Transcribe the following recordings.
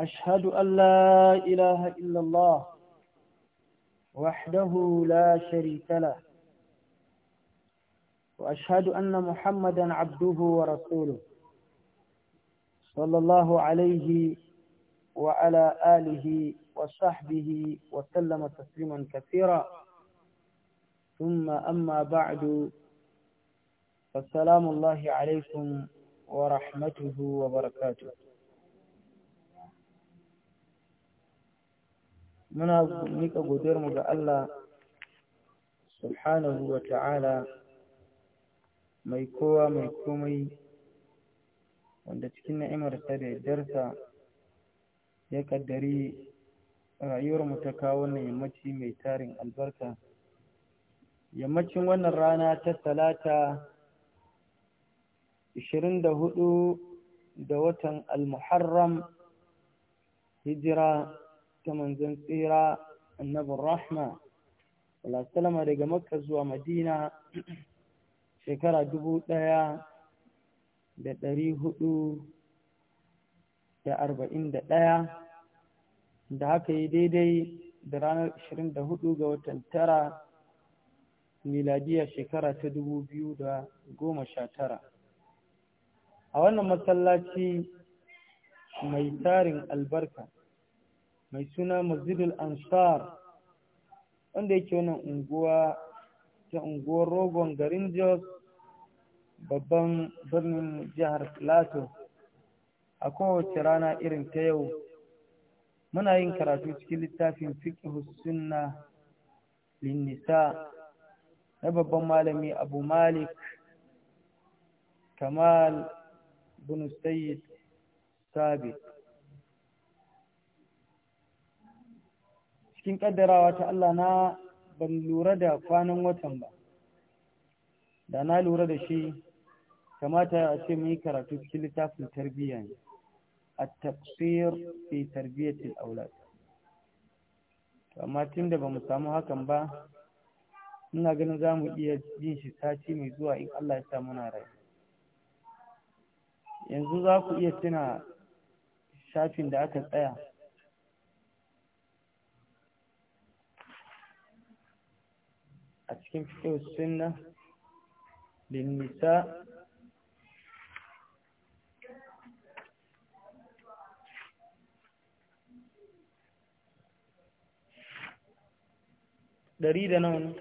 أشهد أن لا إله إلا الله وحده لا شريك له وأشهد أن محمدا عبده ورسوله صلى الله عليه وعلى آله وصحبه وسلم تسليما كثيرا ثم أما بعد فالسلام الله عليكم ورحمته وبركاته muna nika godiyarmu ga Allah subhanahu wa ta'ala mai kowa mai komai wanda cikin na'imarsa da darsa ya kaddari rayuwarmu ta kawo wannan yammaci mai tarin albarka yammacin wannan rana ta talata 24 da watan al-muharram hijira ta manzon tsira annabin rahma salama daga makka zuwa madina shekara dubu ɗaya da dari hudu da arba'in da ɗaya da haka yi daidai da ranar 24 ga watan tara miladiya shekara ta dubu biyu da goma sha Tara, a wannan masallaci mai tarin albarka mai suna mazidul ansar wanda yake wannan unguwa ta unguwar rogon garin jos babban birnin jihar plateau a kowace rana irin ta yau muna yin karatu cikin littafin fiqh sunna linnisa na babban malami abu malik kamal bin sayyid sabit cikin kaddarawa ta Allah na ban lura da kwanan watan ba da na lura da shi kamata a ce mai karatu cikin littafin tarbiyya ne a tafsir fi tarbiyatil aulad amma ba bamu samu hakan ba ina ganin za mu iya yin shi sati mai zuwa in Allah ya sa muna rai yanzu za ku iya tuna shafin da aka tsaya أتكلم فيه السنة للنساء دريدة نون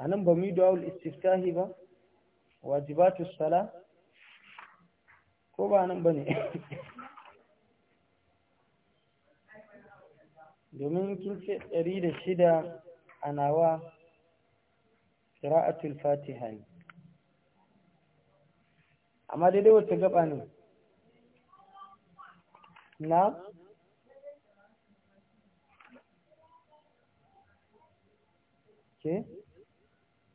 أنا بميدو أول استفتاهي واجبات الصلاة ko ba nan ba ne domin kin ce ɗari da shida a nawa ƙira'atul fatiha ne amma daidai wata gaba ne na ke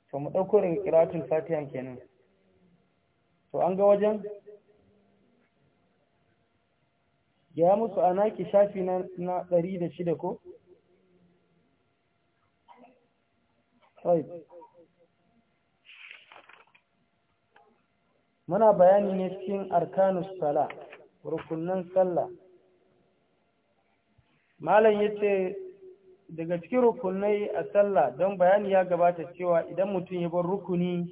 to mu ɗauko daga fatiha kenan to an ga wajen ya musu a naki shafi na ɗari da shida ko? muna bayani ne cikin arkanus sala rukunan sallah malam ya ce daga cikin rukunai a sallah don bayani ya gabata cewa idan mutum ya bar rukuni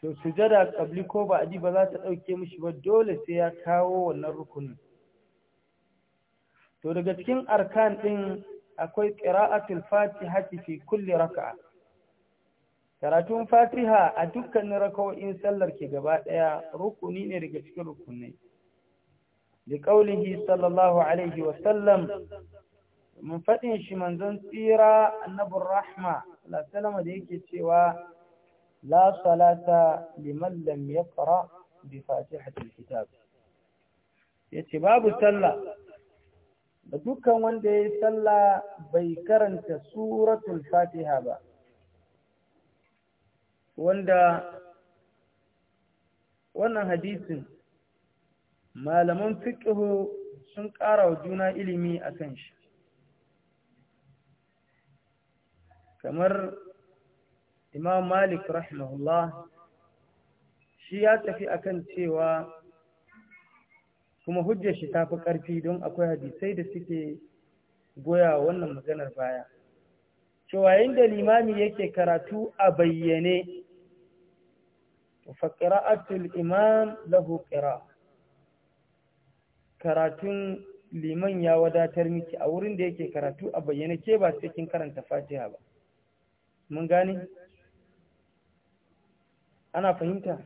to sujada kabli ko ba a adi ba za ta ɗauke mishi ba dole sai ya kawo wannan rukunin to daga cikin arkan ɗin akwai ƙira'atul fatiha fi kulli raka'a karatun fatiha a dukkanin raka'o'in sallar ke gaba ɗaya rukuni ne daga cikin rukunai da ƙaunihi sallallahu alaihi wasallam mun faɗin shi manzon tsira annabin rahma salama da yake cewa la salata liman lam yaqra bi fatihatil kitab ce babu sallah da dukkan wanda ya yi sallah bai karanta suratul fatiha ba wanda wannan hadisin malaman fiƙihu sun ƙara wa juna ilimi akan shi kamar imam malik rahimahullah shi ya tafi akan cewa kuma hujjar shi ta fi ƙarfi don akwai hadisai da suke goya wannan maganar baya cewa da limami yake karatu a bayyane fa qira'atul imam lahu ƙira. karatun liman ya wadatar miki a wurin da yake karatu a bayyane ke ba sai karanta Fatiha ba mun gane ana fahimta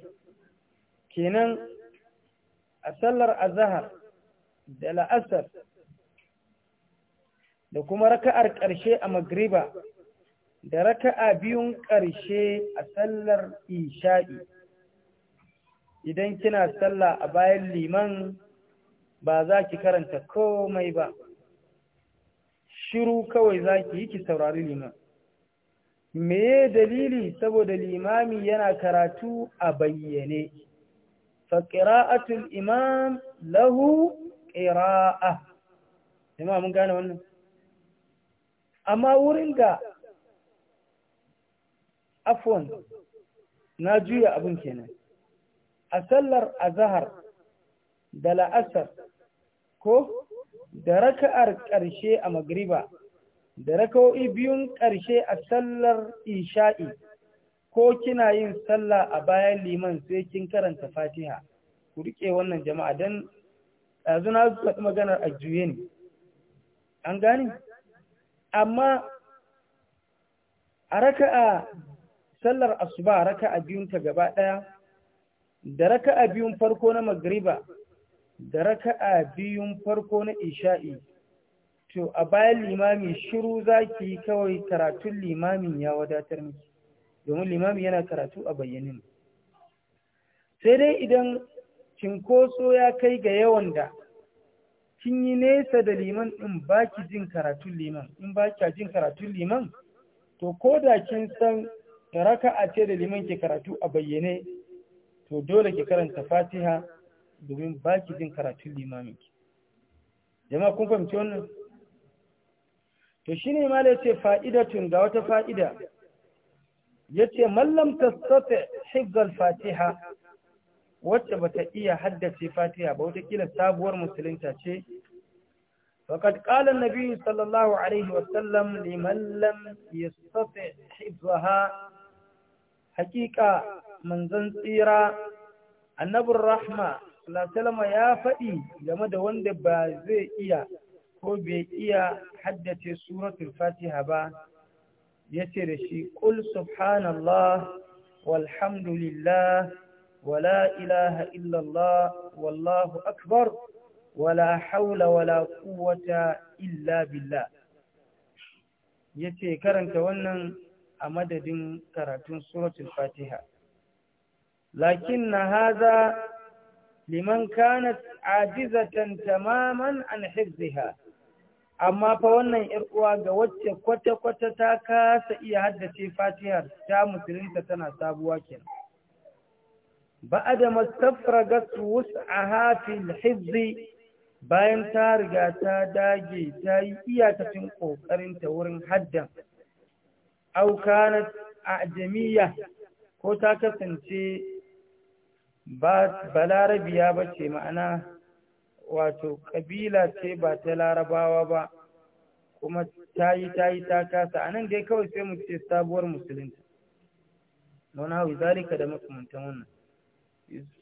kenan a sallar azahar da la'asar da kuma raka'ar ƙarshe a magriba da raka'a biyun ƙarshe a sallar isha'i idan kina sallah a bayan liman ba za ki karanta komai ba shiru kawai za ki yi ki saurari liman Me dalili saboda limami yana karatu a bayyane faƙira'atul imam lahu ƙira'a jama'a mun gane wannan amma wurin da afwan na juya abun kenan a sallar azahar da la'asar ko da raka'ar ƙarshe a magriba da raka'o'i biyun ƙarshe a sallar isha'i ko kina yin sallah a bayan liman sai kin karanta fatiha ku rike wannan jama'a dan yanzu na faɗi maganar a juye ne an gani amma a raka'a sallar asuba raka'a biyun ta gaba ɗaya da raka'a biyun farko na magriba da raka'a biyun farko na isha'i to a bayan limami shiru zaki kawai karatun limamin ya wadatar miki domin limami yana karatu a bayyanin sai dai idan cinkoso ya kai ga yawan da kin yi nesa da liman ɗin ba ki jin karatun liman in ba ki jin karatun liman to ko da kin san a ce da liman ke karatu a bayyane to dole ki karanta fatiha domin ba ki jin karatun limamin ki jama'a kun fahimci wannan to shine ma da ce fa'idatun ga wata fa'ida yace mallam tastati hifzal fatiha wacce bata iya haddace fatiha ba wata kila sabuwar musulunta ce faqad qala an-nabi sallallahu alaihi wa sallam liman lam yastati hifzaha haqiqa manzan tsira annabur rahma sallallahu ya faɗi game da wanda ba zai iya ko bai iya haddace suratul fatiha ba ya ce da shi ƙul subhanallah walhamdulillah wala ilaha illallah wallahu akbar wala haula wala quwwata illa billah ya ce karanta wannan a madadin karatun suratul fatiha lakin na haza liman kanat ajizatan tamaman an hifziha amma fa wannan ‘yar uwa ga wacce kwata-kwata ta kasa iya haddace fatihar ta musulunta tana sabuwa kenan. Ba a da mastafragas wasu a hafin hizzi bayan ta riga ta dage ta yi iyakacin ta wurin hadda Aukanat a jami'a ko ta kasance ba balarabiya ba ce ma'ana wato ƙabila ce ba ta larabawa ba kuma ta yi ta yi ta kasa a nan dai kawai sai mu ce sabuwar musulunta wani hau zalika da makamantan wannan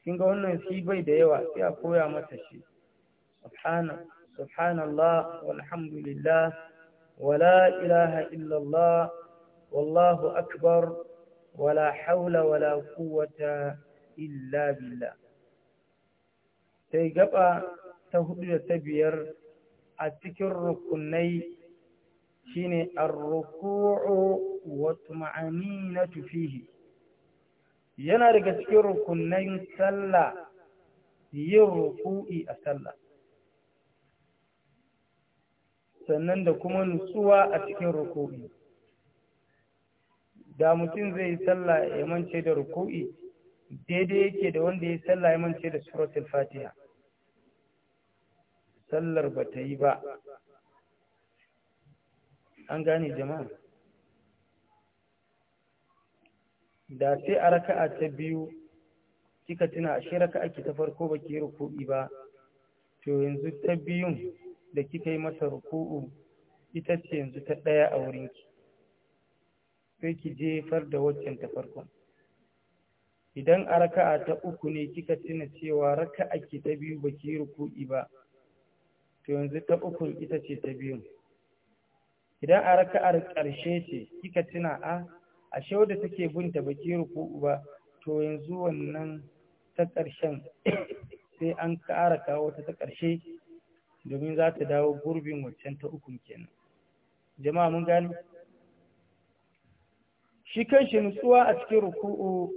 kin ga wannan shi bai da yawa sai a koya mata shi subhanallah walhamdulillah wala ilaha illallah wallahu akbar wala haula wala quwwata illa billah sai gaba ta hudu da ta biyar a cikin rukunai shine ar-ruku'u wa tuma'aninatu fihi yana daga cikin rukunan sallah yin ruku'i a sallah sannan da kuma nutsuwa a cikin ruku'i da mutum zai yi sallah ya mance da ruku'i daidai yake da wanda ya yi sallah ya mance da suratul fatiha sallar ba ta yi ba an gane jama'a da sai a raka'a ta biyu kika tuna a shi raka'a ki ta farko ba ki ruku'i ba to yanzu ta biyun da kika yi masa ruku'u ita ce yanzu ta ɗaya a wurinki sai ki jefar da waccan ta farko. idan a raka'a ta uku ne kika tuna cewa raka'a ki ta biyu ba ki ruku'i ba to yanzu ta uku ita ce ta biyu idan a raka'ar ƙarshe ce kika tuna a ashe wadda take binta baki ruku'u ba to yanzu wannan ta ƙarshen sai an ƙara kawo ta ta ƙarshe domin za ta dawo gurbin waccan ta ukun kenan jama'a mun gani shi kanshi nutsuwa a cikin ruku'u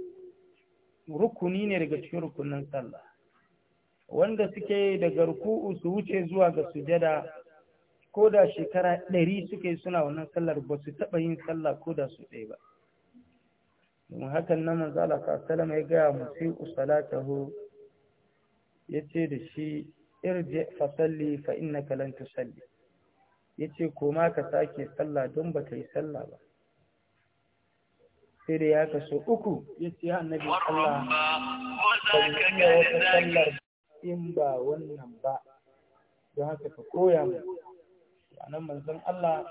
rukuni ne daga cikin rukunin sallah wanda suke daga ruku'u su wuce zuwa ga sujada ko da shekara ɗari suke suna wannan sallar ba su taɓa yin sallah ko da su ɗaya ba domin hakan na manzo Allah Salama ya gaya hu ya ce da shi irji fa salli fa innaka lan tusalli ce koma ka sake sallah don ba baka yi sallah ba sai da ya kaso uku yace ya annabi Allah in ba wannan ba don haka ka koya mu nan manzon Allah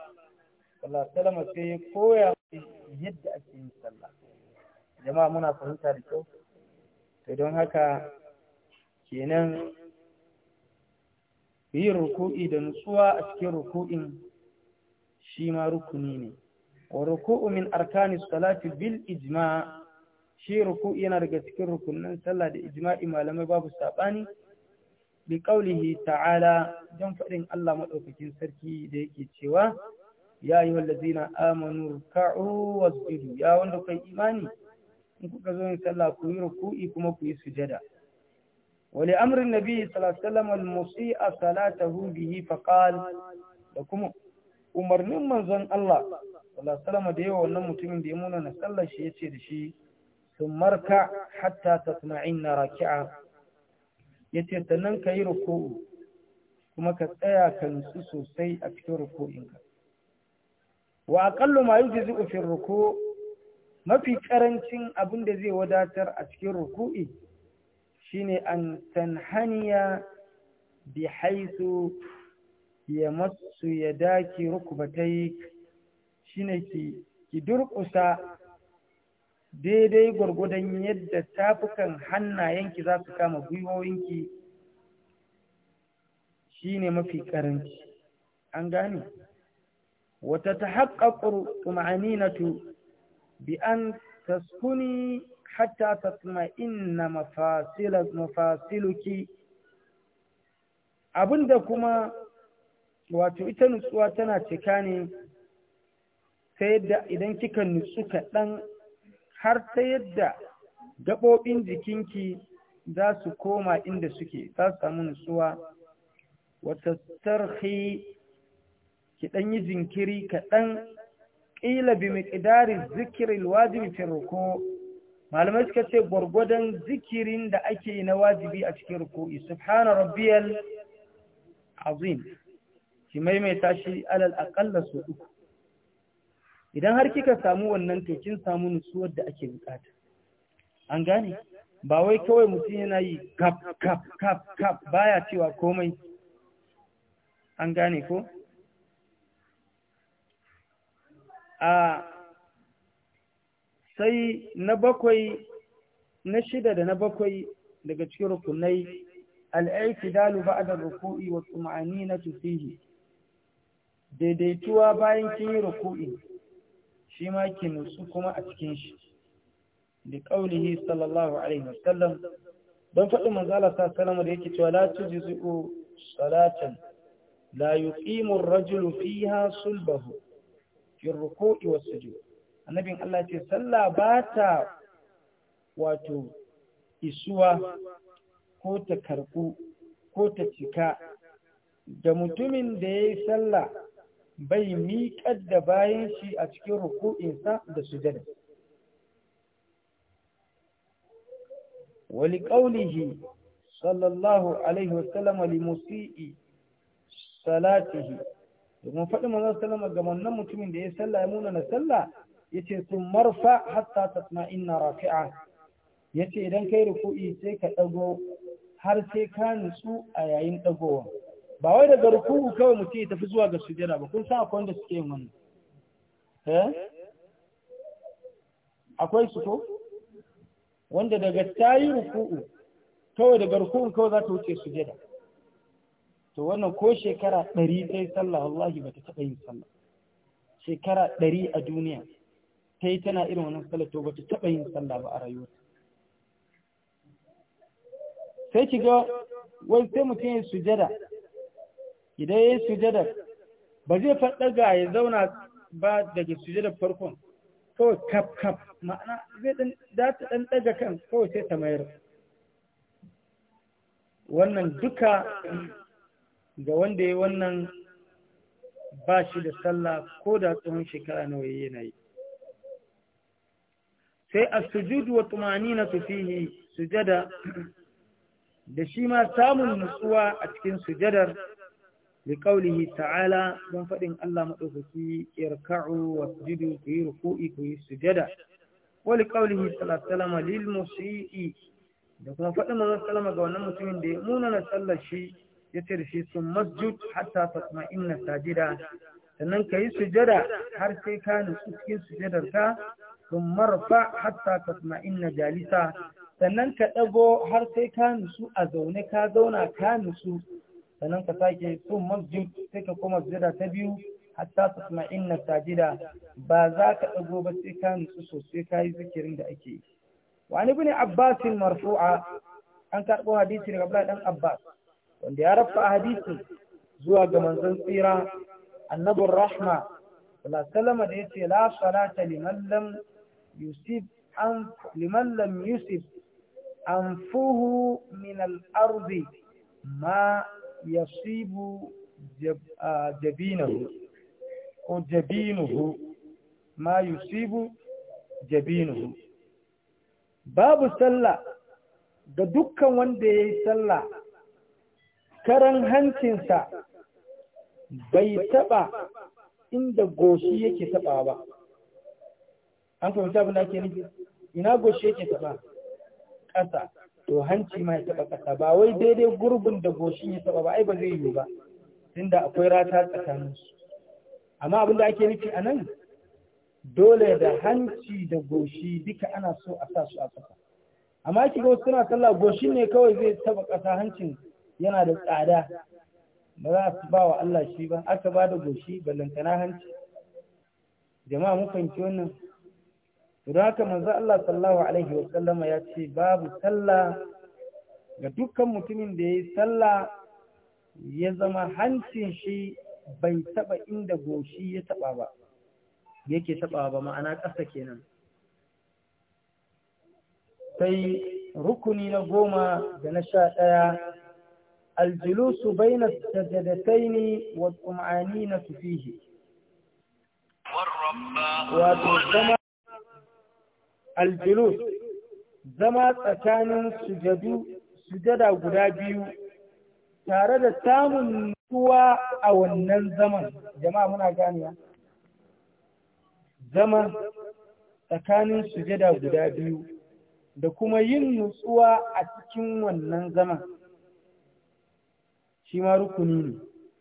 sallallahu alaihi sai ya koya yadda ake yin sallah jama'a muna fahimta da kyau sai don haka kenan yi ruku'i da nutsuwa a cikin ruku'in shi ma rukuni ne wa ruku'u min arkanis salati bil ijma' shi ruku'i yana daga cikin rukunin sallah da ijma'i malamai babu saɓani bi qaulihi ta'ala don faɗin Allah madaukakin sarki da yake cewa ya yi wallazina amanu ruk'u wasjudu ya wanda kai imani in kuka zo yin sallah ku yi ruku'i kuma ku yi sujada wali amrin nabi sallallahu alaihi wasallam al-musi'a salatahu bihi faqal da kuma umarnin manzon Allah sallallahu da yawa wannan mutumin da ya muna na sallar shi yace da shi tummarka hatta ta suna'in na raki'a ya ce sannan ka yi ruku'u kuma ka tsaya kan su sosai a cikin ruku'inka wa aƙallu ma yi jizu fi ruku mafi ƙarancin abin da zai wadatar a cikin ruku'i shine an hanya bi haisu ya masu ya daki rukubatai ne ki durƙusa daidai gwargwadon yadda tafukan hannayenki za su kama gwiwoyinki shi ne mafi karanci an gane wata ta haƙaƙar tu. bi an taskuni hatta tatma'inna mafasiluki abinda kuma wato ita nutsuwa tana cika ne sai yadda idan kika nutsu kaɗan har ta yadda gaɓoɓin jikinki za su koma inda suke za su samu nutsuwa wata tarhi ki ɗan yi jinkiri kaɗan ƙila bi miƙidari zikirin wajibi firko malamai suka ce gwargwadon zikirin da ake na wajibi a cikin ruku'i subhana rabbiyal azim ki maimaita shi alal aƙalla su uku idan har kika samu wannan to kin samu nutsuwar da ake bukata an gane ba wai kawai mutum yana yi kap kap kap kap baya cewa komai an gane ko a sai na bakwai na shida da na bakwai daga cikin rukunai al'aitidalu ba'da ruku'i wa tsuma'ani na tufihi daidaituwa bayan kin yi ruku'i shi ma ke nutsu kuma a cikin shi da ƙaunihi sallallahu alaihi wasallam don faɗin manzala sa salama da yake cewa la tujzi'u salatan la yuqimu rajulu fiha sulbahu fi ruku'i was sujud annabin Allah ce sallah ba ta wato isuwa ko ta karɓu ko ta cika da mutumin da yayi sallah bai miƙar da bayan shi a cikin ruku'insa da sujada wali ƙaunihi sallallahu alaihi wasallam li musi'i salatihi domin faɗi manzon sallama ga wannan mutumin da ya sallah ya muna na sallah yace sun marfa hatta ina rafi'a yace idan kai ruku'i sai ka ɗago har sai ka nutsu a yayin ɗagowa ba wai daga rukuku kawai mutum ya tafi zuwa ga sujada ba kun san akwai wanda suke yin wannan eh akwai su ko wanda daga tayi rukuku kawai daga rukuku kawai za ta wuce sujada to wannan ko shekara 100 sallah wallahi ba ta taɓa yin sallah shekara 100 a duniya ta yi tana irin wannan sallah to ba ta taɓa yin sallah ba a rayuwa sai ki ga wai sai mutum ya sujada idan ya yi sujada ba zai faɗa faɗaga ya zauna ba daga sujada farkon kawai kaf kaf ma'ana zai dan da ta dan daga kan kawai sai ta mayar wannan duka ga wanda ya wannan ba shi da sallah ko da tsawon shekara nawa yana yi sai as-sujud wa tumanina fihi sujada da shi ma samun nutsuwa a cikin sujadar liƙaulihi ta'ala don faɗin Allah maɗaukaki irka'u wa sujudu ku yi ruku'i ku yi sujada wa liƙaulihi salama lil musi'i da kuma faɗin manzon salama ga wannan mutumin da ya munana sallar shi ya ce shi sun masjud hatta kuma inna sajida sannan ka yi sujada har sai ka nutsu cikin sujadar ka sun marfa hatta kuma inna jalisa sannan ka ɗago har sai ka nutsu a zaune ka zauna ka nutsu sannan ka sake sun masjid sai ka koma sujada ta biyu hatta tasma'inna sajida ba za ka ɗago ba sai ka nutsu sosai ka yi zikirin da ake yi Wani ni abbas marfu'a an karɓo hadisi daga Abdullah dan Abbas wanda ya rafa hadisi zuwa ga manzon tsira Annaburrahma, rahma sallallahu da yace la salata liman yusuf an anfuhu min al-ardi ma يصيب جب جبينه أو جبينه ما يصيب جبينه باب سلة da dukkan wanda ya yi sallah karan hancinsa bai taɓa inda goshi yake taɓa ba an fahimta abin da ake nufi ina goshi yake taɓa ƙasa to hanci ma ya taɓa ƙasa ba wai daidai gurbin da goshin ya taba ba ai ba zai yi ba tunda akwai rata tsakaninsu amma abin da ake nufi a nan dole da hanci da goshi duka ana so a sa su a kasa amma ki ga wasu suna sallah goshin ne kawai zai taba kasa hancin yana da tsada ba za su ba wa Allah shi ba aka ba da goshi ballantana hanci jama'a mu fahimci wannan don haka manzo Allah sallallahu alaihi wa sallama ya ce babu sallah ga dukkan mutumin da yayi sallah ya zama hancin shi bai taba inda goshi ya taba ba yake taba ba ma'ana ƙasa kenan sai rukuni na goma da na sha ɗaya aljulusu baina sajadataini wa tsum'ani na tufihi wato zama aljulus zama tsakanin sujada guda biyu tare da samun nutsuwa a wannan zaman jama'a muna zama tsakanin sujada guda biyu da kuma yin nutsuwa a cikin wannan zaman shi ma rukuni ne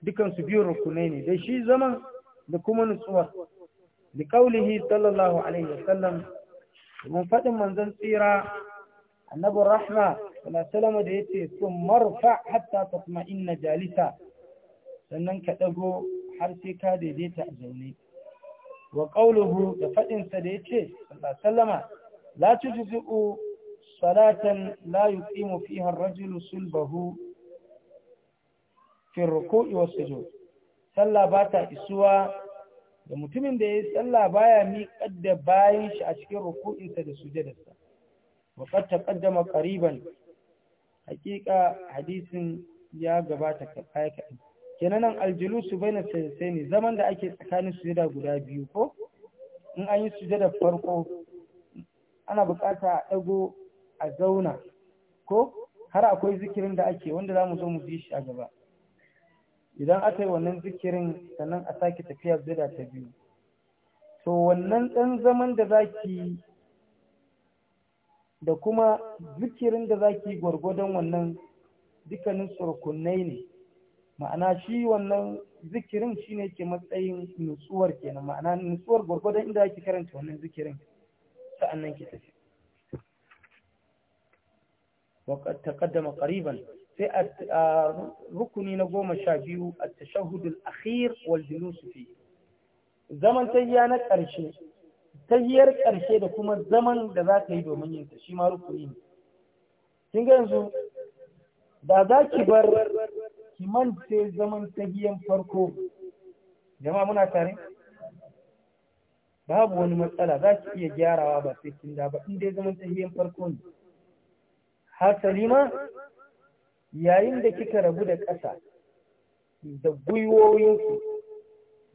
dukansu biyu rukunai ne da shi zaman da kuma nutsuwa da kaulihi sallallahu alaihi wasallam domin faɗin manzon tsira annabin rahma salama da yace sun marfa hatta tasma inna jalisa sannan kaɗago ɗago har sai ka daidaita a zaune wa ƙauluhu da faɗinsa da yace ce salama la salatan la yuqimu rajulu sulbahu fi ar-ruku'i was-sujud sallah ba ta isuwa da mutumin da ya yi baya miƙar da bayan shi a cikin ruku'insa da sujadarsa ta تقدم قريبا حقيقة hadisin ya gabata kai kenan aljulusu sai sayyidaini zaman da ake tsakanin sujada guda biyu ko in an yi sujada farko ana bukata a ɗago a zauna ko har akwai zikirin da ake wanda zamu zo mu bi shi a gaba idan aka yi wannan zikirin sannan a sake tafiya zira ta biyu to wannan ɗan zaman da za ki da kuma zikirin da za ki gwargwadon wannan dukkanin surkunai ne ma'ana shi wannan zikirin shi ne ke matsayin nutsuwar kenan ma'ana nutsuwar gwargwadon inda ki karanta wannan zikirin sa'annan ki tafi وقد تقدم قريبا sai a rukuni na goma sha biyu a tashahudul akhir wal julusu fi zaman na ƙarshe tayyar ƙarshe da kuma zaman da za ka yi domin yin ta shi ma rukuni ne kin ga yanzu da za ki bar ki mance zaman tahiyan farko jama'a muna tare babu wani matsala za ki iya gyarawa ba sai kin da ba in dai zaman tahiyan farko ne har salima yayin da kika rabu da ƙasa da gwiwoyinki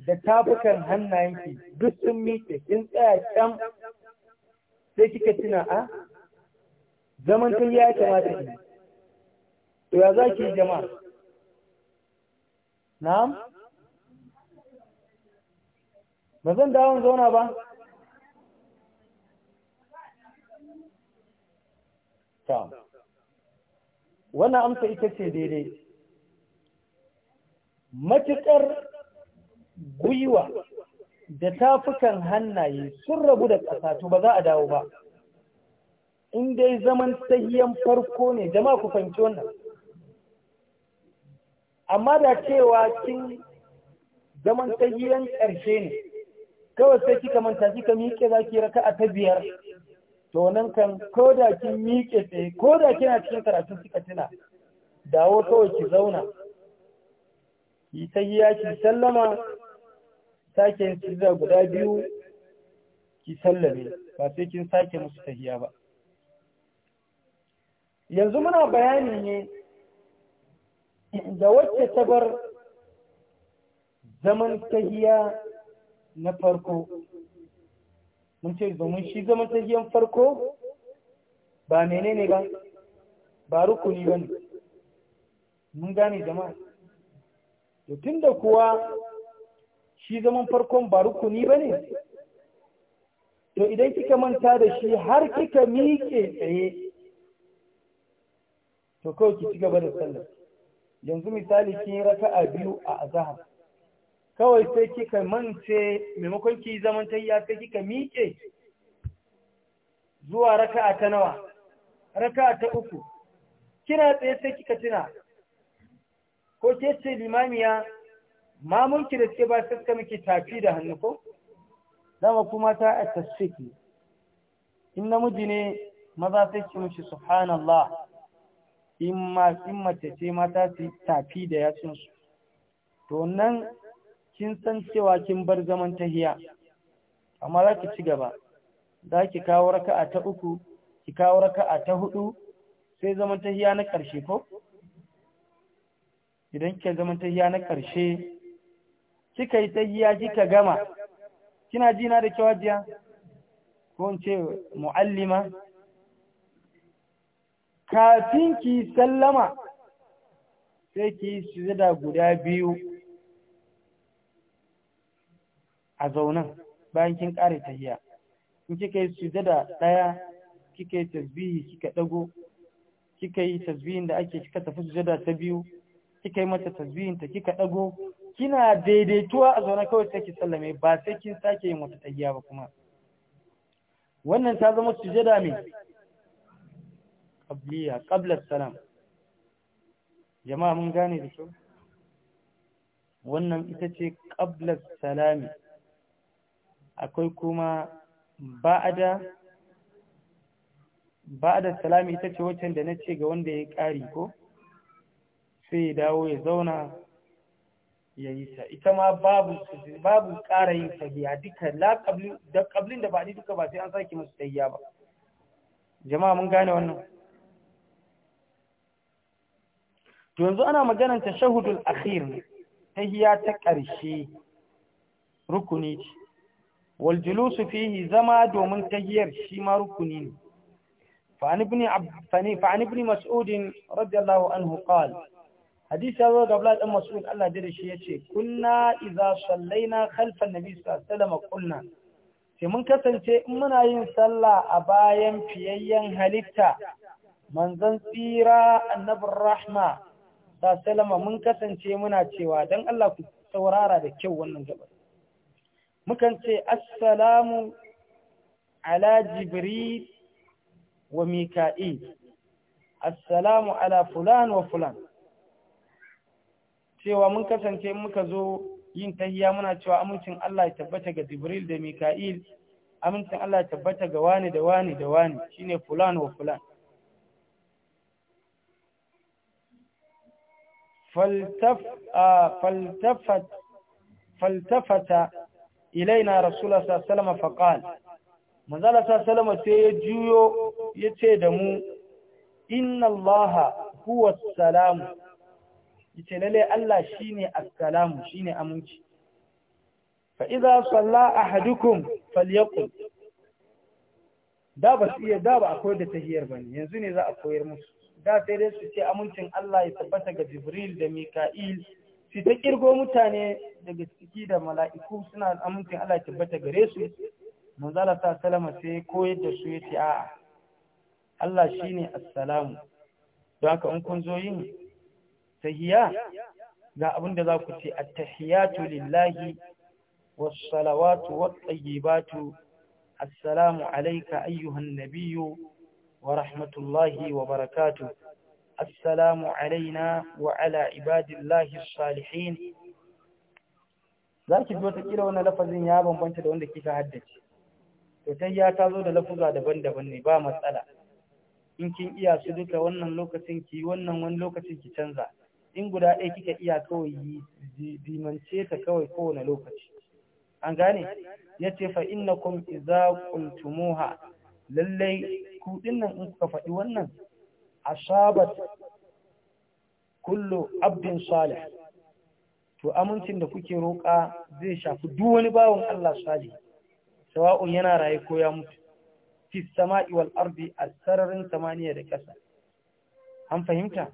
da tafukan hannayenki duk sun miƙe kin tsaya kyam sai kika tuna a zaman tun ya kamata ne to ya za ki jama'a na'am ba zan dawon zauna ba ta wannan amsa ita ce daidai matuƙar gwiwa da tafukan hannaye sun rabu da ƙasa to ba za a dawo ba in dai zaman sahiyan farko ne jama'a ku fahimci wannan amma da cewa kin zaman sahiyan ƙarshe ne kawai sai kika manta kika miƙe za ki raka'a ta biyar to nan kan ko da kin miƙe tsaye ko da kina cikin karatun suka tuna dawo kawai ki zauna ki giya ki sallama sake yin guda biyu ki sallame ba sai kin sake musu tahiya ba yanzu muna bayani ne da wacce ta bar zaman tahiya na farko mun ce domin shi zaman tahiyan farko ba menene ba ba rukuni ba ne mun gane jama'a to da kuwa shi zaman farkon ba rukuni ba ne to idan kika manta da shi har kika miƙe tsaye to kawai ki ci gaba da sallar yanzu misali kin raka'a biyu a azahar kawai sai kika mance maimakon ki zaman tayya sai kika miƙe zuwa raka'a ta nawa raka'a ta uku kina tsaye sai kika tuna ko ke ce limamiya ma mamunki da ke ba suka miki tafi da hannu ko dama kuma ta a in namiji ne maza sai ki mishi subhanallah in in mace ce mata su tafi da yatsunsu to nan kin san cewa kin bar zaman tahiya amma za ki ci gaba za ki kawo raka'a ta uku ki kawo raka'a ta hudu sai zaman tahiya na ƙarshe ko idan kika zaman tahiya na ƙarshe kika yi tahiya kika gama kina jina da kyau ko in ce mu'allima kafin ki sallama sai ki yi sujada guda biyu a zaunan bayan kin ƙare tahiya in kika yi sujada ɗaya kika yi tasbihi kika ɗago kika yi tasbihin da ake kika tafi sujada ta biyu kika yi mata tasbihin ta kika dago kina daidaituwa a zauna kawai sai ki sallame ba sai kin sake yin wata tahiya ba kuma wannan ta zama sujada ne qabliya qabla salam jama'a mun gane da kyau wannan ita ce qabla salami akwai kuma ba'ada ba'ada salami ita ce waccan da na ce ga wanda ya ƙari ko sai ya dawo ya zauna ya yi ta ita ma babu ƙara yin tahiya duka da qabli da ba da ba'di duka ba sai an sake musu tahiya ba jama'a mun gane wannan to yanzu ana maganar tashahhudul akhir tahiya ta ƙarshe rukuni ce wal fihi zama domin tahiyar shi ma rukuni ne فعن ابن عبد فعن ابن مسعود رضي da عنه قال حديث هذا قبل أن مسعود الله kunna شيء كنا إذا صلينا خلف النبي صلى الله عليه sai mun kasance in muna yin sallah a bayan fiyayyen halitta manzon tsira annabin rahma salama mun kasance muna cewa don Allah ku saurara da kyau wannan gaba. mukan ce assalamu ala jibril wa mika'il assalamu ala fulan wa fulan cewa mun kasance muka zo yin tahiya muna cewa amincin Allah ya tabbata ga Jibril da Mika'il amincin Allah ya tabbata ga wani da wani da wani shine fulan wa fulan فالتفت... فالتفت ilaina rasulullah sallallahu alaihi wasallam manzala sallallahu sai ya juyo yace da mu inna allaha huwa salam yace lalle Allah shine assalamu shine aminci fa idza salla ahadukum falyaqul da ba iya da ba koyar da tahiyar bane yanzu ne za a koyar musu da sai dai su ce amincin Allah ya tabbata ga Jibril da Mika'il su ta kirgo mutane daga ciki da mala'iku suna amincin Allah ya tabbata gare su manzala ta salama sai koyar da su yace a'a Allah shine assalamu don haka in kun zo yin tahiyya ga abin da za ku ce attahiyatu lillahi wassalawatu wattayyibatu assalamu alaika ayyuhan nabiyyu wa rahmatullahi wa barakatu! السلام علينا وعلى عباد الله الصالحين zaki ji watakila wannan lafazin ya bambanta da wanda kika haddace to ta ya zo da lafuza daban-daban ne ba matsala in kin iya su duka wannan lokacin ki wannan wani lokacin ki canza in guda ɗaya kika iya kawai dimance ta kawai kowane lokaci an gane ya ce fa innakum iza qultumuha lallai ku dinnan in kuka faɗi wannan asabat kullu abdin salih to amincin da kuke roƙa zai shafi duk wani bawon Allah salih sawa'un yana raye ko ya mutu fi sama'i wal ardi a sararin samaniya da ƙasa an fahimta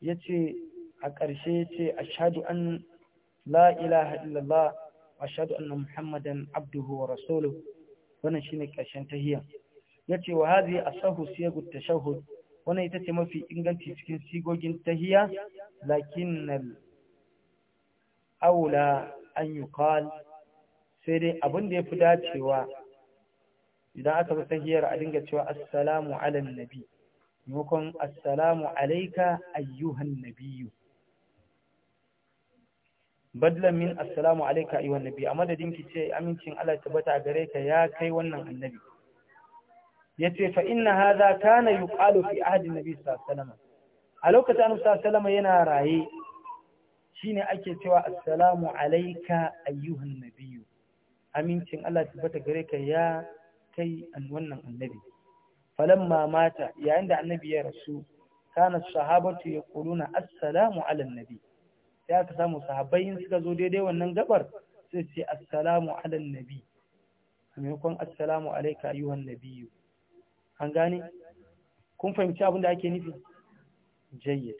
yace a ƙarshe yace ashhadu an la ilaha illallah ashhadu anna muhammadan abduhu wa rasuluhu wannan shine ƙarshen tahiyya yace wa hadhihi asahu siyagut tashahhud wannan ita ce mafi inganci cikin sigogin tahiya lakin aula an kwal sai dai abin da ya fi dacewa idan aka fi tahiyar a dinga cewa assalamu alal nabi maimakon assalamu alayka ayyuhan Nabiyu. badlan min assalamu alayka ayyuhan nabi a madadin ki ce amincin Allah tabbata gare ka ya kai wannan annabi ya ce fa inna haza kana yuqalu fi na biyu sallallahu a lokacin annabi sallallahu yana raye shine ake cewa assalamu alayka ayyuhan biyu. amincin Allah tabbata gare ka ya kai wannan annabi Falon mamata yayin da annabi ya rasu kana sahabatu yaquluna assalamu ala nabi sai aka samu sahabbai suka zo daidai wannan gabar sai ce assalamu ala nabi maimakon assalamu alayka ayyuhan nabiyyu an gane kun fahimci abin da ake nufi jayyid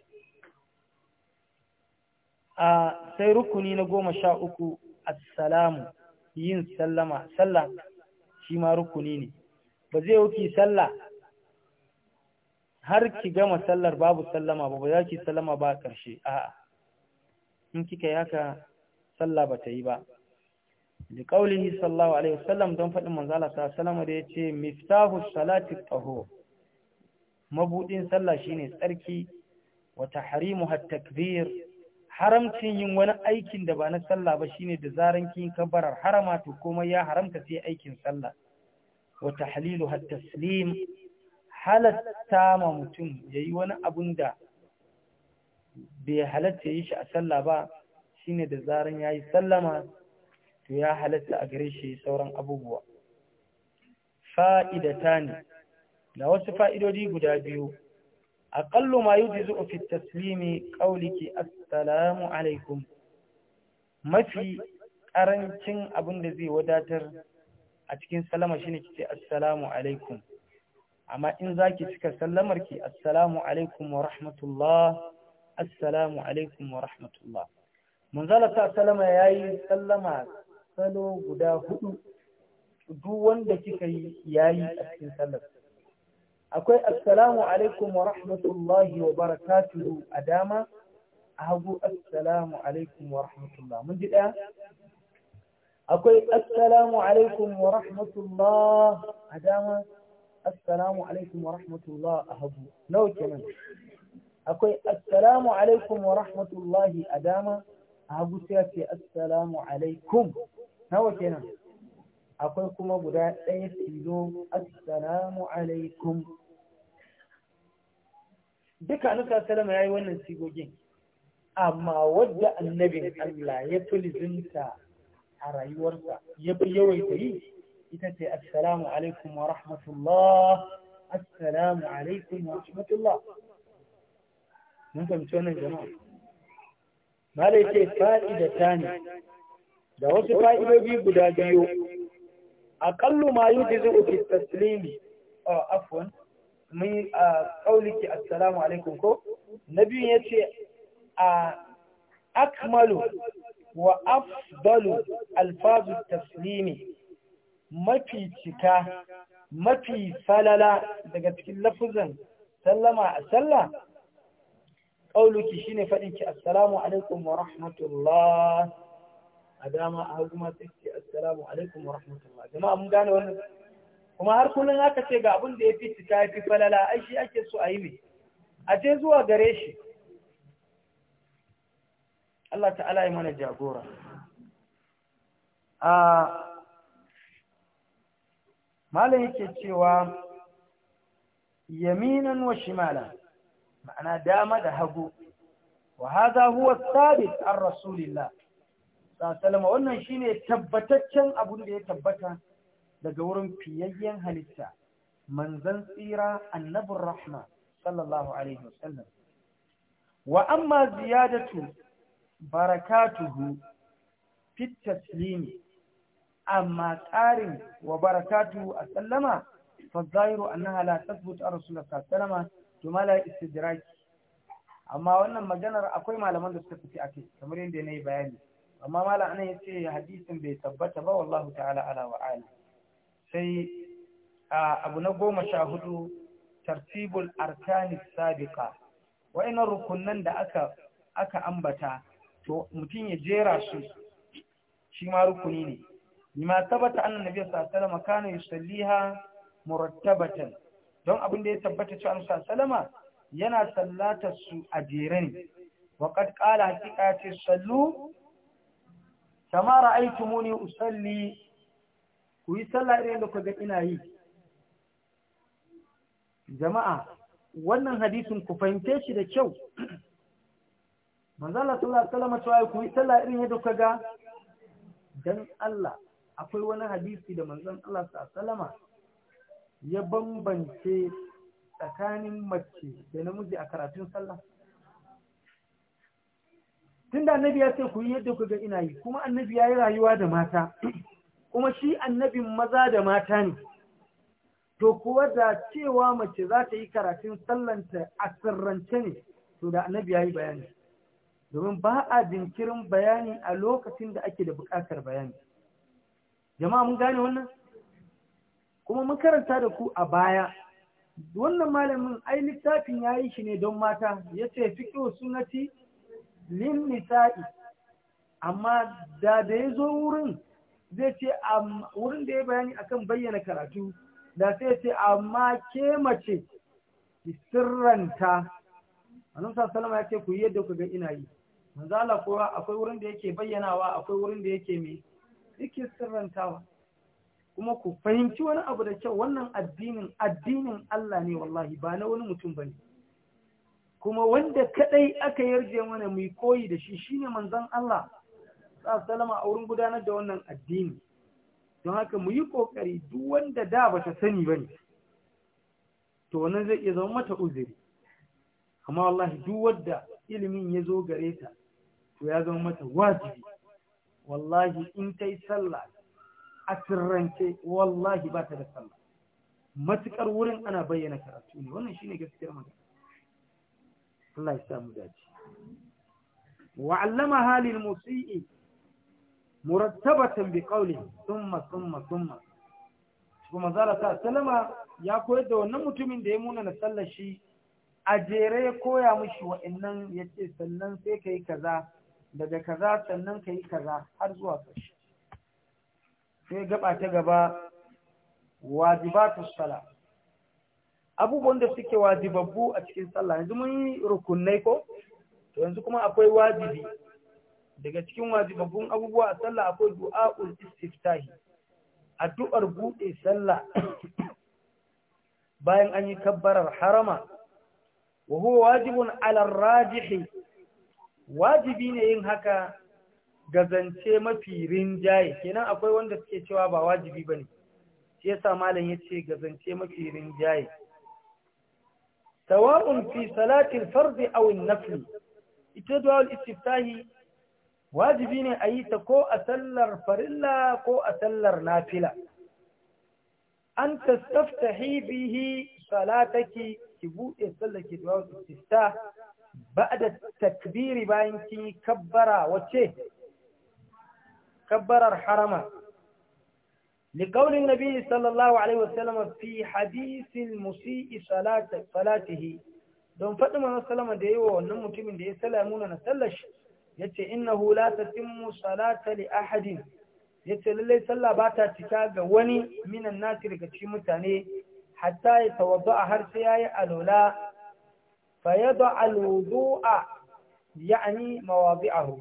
a sai rukuni na goma sha uku assalamu yin sallama sallah shi ma rukuni ne ba zai wuki sallah har ki gama sallar babu sallama ba ba za ki sallama ba ƙarshe a'a in kika haka sallah ba ta yi ba da kaulihi sallallahu alaihi wasallam don faɗin sallallahu ta wasallam da ya ce miftahu salati taho mabudin sallah shine tsarki wa tahrimu takbir haramcin yin wani aikin da ba na sallah ba shine da zaran kin kabarar harama to komai ya haramta sai aikin sallah wa tahlilu hat taslim halatta ma mutum yayi wani abun da bai halatta yi shi a sallah ba shine da zaran yayi sallama to ya halatta a gare shi sauran abubuwa fa'idata ne da wasu fa'idodi guda biyu aƙallu ma yi jizo fi taslimi ƙauliki assalamu alaikum mafi ƙarancin abin da zai wadatar a cikin salama shi ne ce assalamu alaikum amma in za ki cika ki assalamu alaikum wa rahmatullah assalamu alaikum wa rahmatullah manzala sa salama ya yi sallama salo guda hudu duk wanda kika yi yayi a cikin sallar akwai assalamu alaikum wa rahmatullahi wa barakatuhu a dama a hagu assalamu alaikum wa rahmatullah mun ji daya akwai assalamu alaikum wa rahmatullah a dama assalamu alaikum wa rahmatullah a hagu nawa kenan akwai assalamu alaikum wa rahmatullahi a dama a hagu sai ce assalamu alaikum nawa kenan akwai kuma guda ɗaya tilo assalamu alaikum duka annabi salama ya yi wannan sigogin amma wadda annabin Allah ya fi a rayuwarsa ya fi yawaita yi ita ce assalamu alaikum wa rahmatullah assalamu alaikum wa rahmatullah mun fahimci wannan jama'a malai ce fa'ida ta ne da wasu fa'idobi guda biyu aƙallu ma oh, yi jizu uki taslimi a afon mun a ƙauliki assalamu alaikum ko na biyu ya ce a akmalu wa afdalu alfazu taslimi mafi cika mafi falala daga cikin lafuzan sallama a sallah ƙauluki shine faɗinki assalamu alaikum wa rahmatullah a dama a hagu ma yake assalamu alaikum wa rahmatullah jama'a mun gane wannan kuma har kullun aka ce ga abin da ya fi cika ya fi falala ai shi ake so a yi mai a je zuwa gare shi Allah ta'ala ya mana jagora a malam yake cewa yaminan wa shimala ma'ana dama da hagu wa haza huwa sabit an rasulillah sallama wannan shine tabbataccen abun da ya tabbata daga wurin fiyayyen halitta manzan tsira annabin rahma sallallahu alaihi wasallam wa amma ziyadatu barakatuhu fit taslimi amma tsarin wa barakatuhu a sallama fa zahiru annaha la tathbut ar rasul sallama to istidraki amma wannan maganar akwai malaman da suka fice akai kamar yadda nayi bayani amma malam anan ce hadisin bai tabbata ba wallahu ta'ala ala wa Sai sai abu na goma sha hudu tartibul arkani sabiqa wa'annan rukunan da aka aka ambata to mutum ya jera su shi ma rukuni ne ma tabbata annan nabi sallallahu alaihi wasallam kana yusalliha murattabatan don abin da ya tabbata cewa annabi sallama yana sallatar su a jere ne wa qad qala ce sallu kama ra'aytumuni usalli ku yi sallah irin da kuka ina yi jama'a wannan hadisin ku fahimce shi da kyau manzo Allah sallallahu alaihi wasallam cewa ku yi sallah irin yadda kuka ga dan Allah akwai wani hadisi da manzo Allah sallallahu ya bambance tsakanin mace da namiji a karatun sallah tunda annabi ya ce ku yi yadda ku ga ina yi kuma annabi ya yi rayuwa da mata kuma shi annabin maza da mata ne to kuwa da cewa mace za ta yi karatun sallanta a sirrance ne to da annabi ya yi bayani domin ba a jinkirin bayani a lokacin da ake da bukatar bayani jama'a mun gane wannan kuma mun karanta da ku a baya wannan malamin ai littafin ya yi shi ne don mata ya ce fiƙo sunati lin nisa'i amma da da ya zo wurin zai ce wurin da ya bayani akan bayyana karatu da sai ce amma ke mace ki sirranta annabi sallallahu ya ce ku yi yadda ku ga ina yi manzo Allah kowa akwai wurin da yake bayyanawa akwai wurin da yake me yake sirrantawa kuma ku fahimci wani abu da kyau wannan addinin addinin Allah ne wallahi ba na wani mutum bane kuma wanda kadai aka yarje mana mu koyi da shi shine manzon Allah sallama a wurin gudanar da wannan addini don haka mu yi kokari duk wanda da bata sani bane to wannan zai iya zama mata uzuri amma wallahi duk wanda ilimin ya zo gare ta to ya zama mata wajibi wallahi in ta sallah a sirrance wallahi ba ta da sallah matukar wurin ana bayyana karatu ne wannan shine gaskiyar magana Allah ya sa mu dace wa allama halil musii murattabatan bi qawli thumma thumma thumma kuma zara ta salama ya koyar da wannan mutumin da ya muna na sallar shi a jere ya koya mishi wa'annan ya ce sannan sai ka yi kaza daga kaza sannan ka kaza har zuwa ƙarshe sai gaba ta gaba wajibatu salat abubuwan da suke wajibabbu a cikin sallah yanzu mun yi rukunai ko to yanzu kuma akwai wajibi daga cikin wajibabbun abubuwa a sallah akwai du'a'ul istiftahi addu'ar bude sallah bayan an yi kabbarar harama wa huwa wajibun 'ala rajihi wajibi ne yin haka gazance mafi rinjaye kenan akwai wanda suke cewa ba wajibi bane shi yasa malam yace gazance mafi rinjaye sawa'un fi salatil fardi aw an-nafl ita du'a al-istiftahi wajibi ne a yi ta ko a sallar farilla ko a sallar nafila an tastaftahi bihi salataki ki buɗe sallaki du'a al-istiftah ba'da takbiri bayan ki kabbara wace kabarar harama لقول النبي صلى الله عليه وسلم في حديث المسيء صلاته don faɗi manzon sallama da yawa wannan mutumin da ya salamuna na sallash yace innahu la tatimmu salata li ahadin yace lallai sallah ba ta cika ga wani minan nasi daga mutane hatta ya tawadda har sai yayi alula fa yada alwudu'a yani mawadi'ahu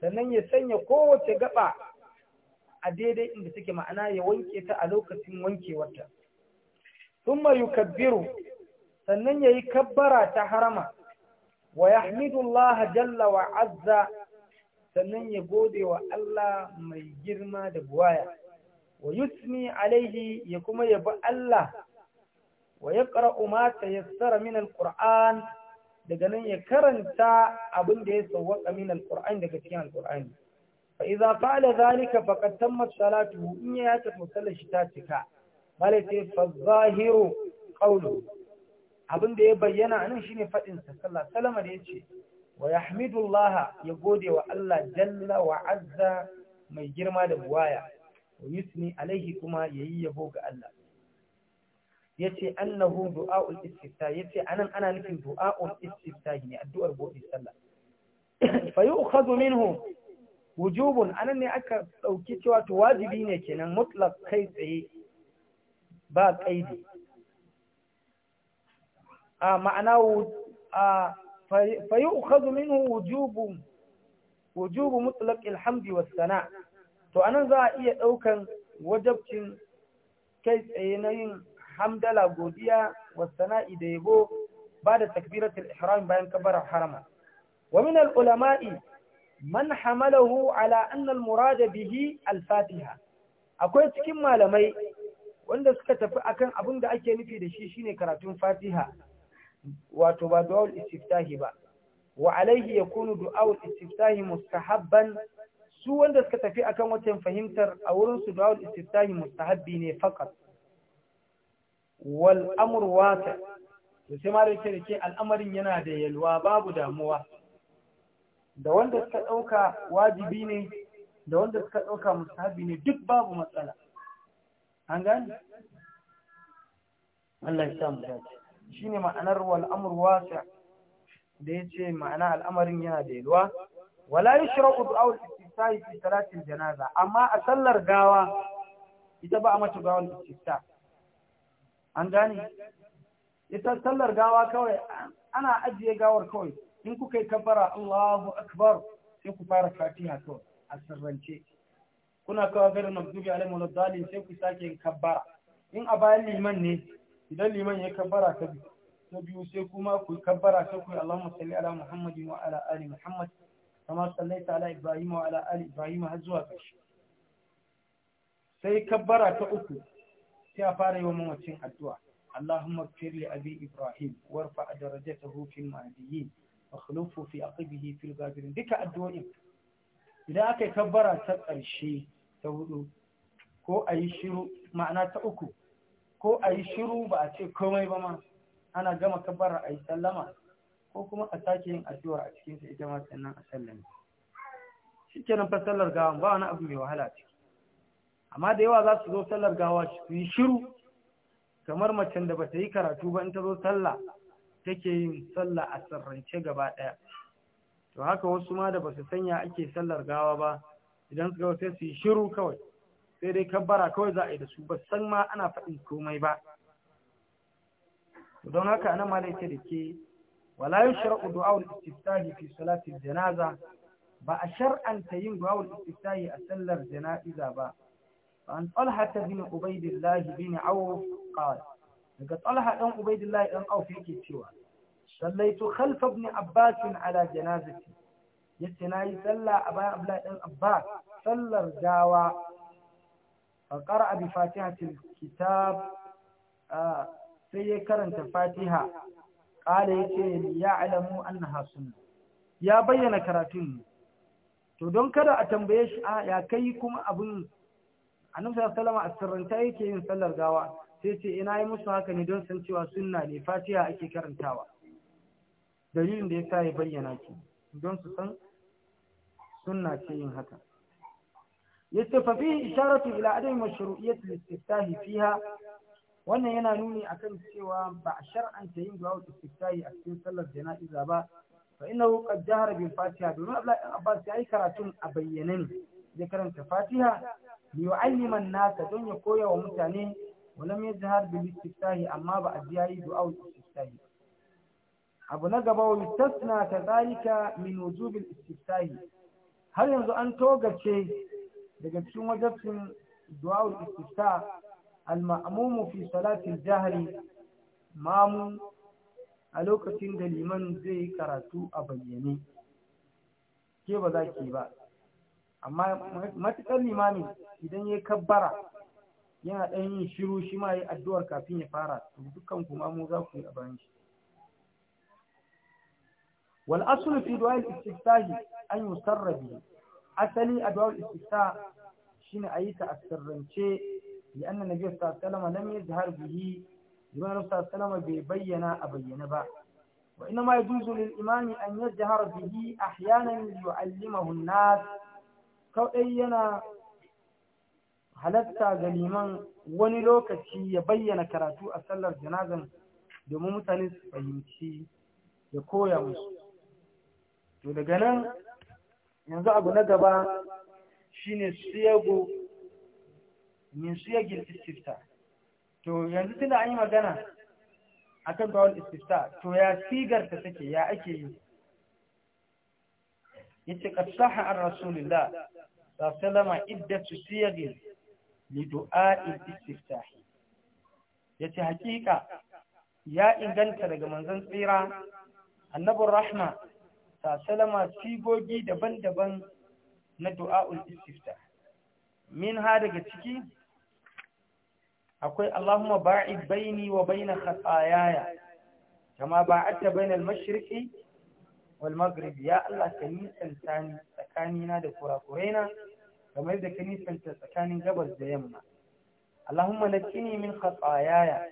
sannan ya sanya kowace gaɓa. a daidai inda take ma'ana ya wanke ta a lokacin wankewarta thumma yukabbiru sannan yayi kabbara ta harama wa yahmidullah jalla wa azza sannan ya gode wa Allah mai girma da buwaya wa Yusmi alaihi ya kuma yabi Allah wa ya yaqra'u ma tayassara min alquran daga nan ya karanta abin da ya sawwaka min alquran daga cikin alqurani fa idza fa'ala zalika faqad tammat salatuhu in ya ta musallar shi ta cika malaka fa zahiru qawlu abin da ya bayyana anan shine fadin sa sallallahu alaihi wasallam yace wa yahmidullaha ya gode wa Allah jalla wa azza mai girma da buwaya wa yusni alaihi kuma yayi yabo ga Allah yace annahu du'aul istifta yace anan ana nufin du'aul istifta ne addu'ar gode sallah fa yu'khadhu minhu wujubun anan ne aka ɗauki cewa to wajibi ne kenan mutlak kai tsaye ba kaidi. a ma'ana a yi ukhadhu minhu wujubu wujubu mutlaq alhamdi was to anan za a iya ɗaukan wajabcin kai tsaye na yin hamdala godiya was da yabo ba da takbiratul ihram bayan kabara harama wa min al ulama'i man hamalahu ala annal murada bihi al-fatiha akwai cikin malamai wanda suka tafi akan abin da ake nufi da shi shine karatun fatiha wato ba du'a'ul istiftahi ba wa alaihi yakunu du'a'ul istiftahi mustahabban su wanda suka tafi akan wajen fahimtar a wurin su du'a'ul istiftahi mustahabbi ne faqat wal amru wasi to sai ma ce al'amarin yana da yalwa babu damuwa da wanda suka ɗauka wajibi ne da wanda suka ɗauka mustahabi ne duk babu matsala an gani Allah ya samu dace shine ma'anar wal amr wasi' da yace ma'ana al'amarin yana da yalwa wala yushra'u du'a al-istisqa fi talatin al-janaza amma a sallar gawa ita ba a mata gawan istisqa an gani ita sallar gawa kawai ana ajiye gawar kawai in kuka yi kabbara Allahu akbar sai ku fara fatiha to a sirrance kuna kawo gari na dubi alai muladdali sai ku sake yin kabbara in a bayan liman ne idan liman ya kabbara ta biyu ta biyu sai kuma ku kabbara sai ku yi Allahumma salli ala Muhammadin wa ala ali Muhammad kama sallaita ala Ibrahim wa ala ali Ibrahim har zuwa ƙarshe sai kabbara ta uku sai a fara yi wa mamacin addu'a Allahumma firli abi Ibrahim warfa darajatahu fil mahdiyyin fakhlufu fi aqibihi fil gabirin duka addu'o'in idan aka yi kabbara ta ƙarshe ta hudu ko a yi shiru ma'ana ta uku ko a yi shiru ba a ce komai ba ma ana gama kabbara a yi sallama ko kuma a sake yin addu'ar a cikinsa ita ma sannan a sallame shi kenan fa sallar gawa ba wani abu mai wahala ciki amma da yawa za su zo sallar gawa su yi shiru kamar macen da ba ta yi karatu ba in ta zo sallah take yin sallah a sarrance gaba ɗaya to haka wasu ma da basu sanya ake sallar gawa ba idan suka sai su yi shiru kawai sai dai kabbara kawai za a yi da su ba san ma ana faɗin komai ba don haka anan ma da ke wala yushra'u du'a al-istiftahi fi salati janaza ba a shar'anta yin du'a al-istiftahi a sallar jana'iza ba an talha bin ubaidillah bin awf qala daga talha ɗan ubaidillahi ɗan auf yake cewa sallaitu khalfa ibn abbas ala janazati yace nayi sallah a bayan abdullahi ɗan abbas sallar gawa fa qara bi fatihatil kitab sai ya karanta fatiha qala yace ya'lamu annaha sunna ya bayyana karatun to don kada a tambaye shi a ya kai kuma abin annabi sallallahu alaihi wasallam a sirranta yake yin sallar gawa sai ce ina eh, yi musu haka ne don san cewa sunna ne fatiha ake karantawa dalilin da ya sa ya bayyana ki don su san sunna ce yin haka yace fa isharatu ila adami iya al-istiftahi fiha wannan yana nuni akan cewa ba a shar'anta yin du'a istiftahi a cikin sallar jana'iza ba fa innahu qad jahara bil fatiha domin abu ibn Abbas ya yi karatun a bayyane ne ya karanta fatiha li yu'allima an-nasa don ya koya wa mutane ولم يجهر بالاستفتاح أما بأجياء دعاء الاستفتاح أبو نقبة ويستثنى كذلك من وجوب الاستفتاح هل ينزو أن توقع شيء لقد شو وجبت دعاء الاستفتاح المأموم في صلاة الجهر مامو ألوك تند الإيمان زي كراتو أبيني كيف ذاكي بقى amma matuƙar limami idan ya kabbara yana ɗan yin shiru shi ma yi addu'ar kafin ya fara dukkan kuma mu za ku yi a bayan shi wal aslu fi du'a al-istiftahi an yusarra bihi asali addu'a al-istiftah shine ayi ta asirrance ya anna nabiy sallallahu alaihi wasallam lam yazhar bihi imam sallallahu alaihi wasallam bai bayyana a bayyana ba wa inna ma yajuzu lil imami an yazhar bihi ahyanan yu'allimahu an-nas kawai yana halatta ga liman wani lokaci ya bayyana karatu a sallar janazan domin mutane su fahimci ya koya musu to daga nan yanzu abu na gaba shi ne siyago min siyagil istifta to yanzu tunda an yi magana kan bawon istifta to ya sigar ta take ya ake yi yace qad rasulullah ta salama idda su siyagin lidu'a'il istiftah yace hakika ya inganta daga manzon tsira annabun rahma ta salama sigogi daban-daban na du'a'ul istiftah min ha daga ciki akwai Allahumma ba'id baini wa baina khataayaya kama ba'adta bainal mashriqi wal maghrib ya Allah ka nisanta ni tsakanina da kurakuraina kamar yadda ka nisanta tsakanin gabas da yamma Allahumma naqqini min khataayaya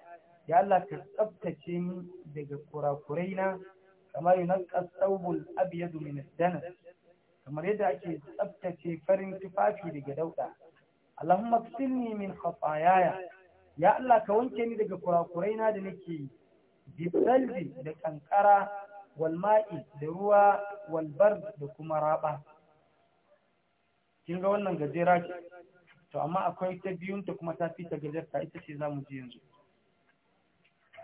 ya Allah ka tsabtace ni daga kurakuraina kamar yunqas thawbul abyad min ad-danas kamar yadda ake tsabtace farin tufafi daga dauda Allahumma qsilni min khataayaya ya Allah ka wanke ni daga kurakuraina da nake bi da kankara wal ma'i da ruwa wal bard da kuma raba kin ga wannan gajera to amma akwai ta biyun ta kuma ta fi ta gajarta ita ce zamu ji yanzu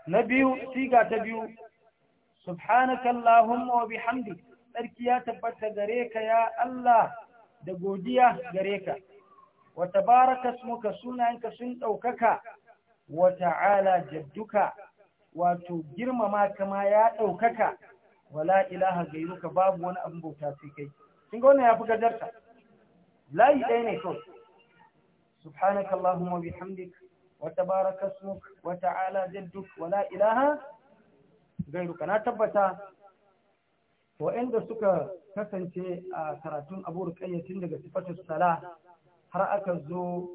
na biyu siga ta biyu subhanaka allahumma wa bihamdi sarki ya tabbata gare ka ya Allah da godiya gare ka wa tabaraka smuka sunayenka sun daukaka wa ta'ala jadduka wato girmama kama ya daukaka wala ilaha gairuka babu wani abin bauta sai kai kin ga wannan yafi gajarta layi ɗaya ne kawai subhanaka allahumma bihamdik wa tabaraka wa ta'ala jadduk wa la ilaha gairuka na tabbata waɗanda suka kasance a karatun abu rukayyatin daga sifatu sala har aka zo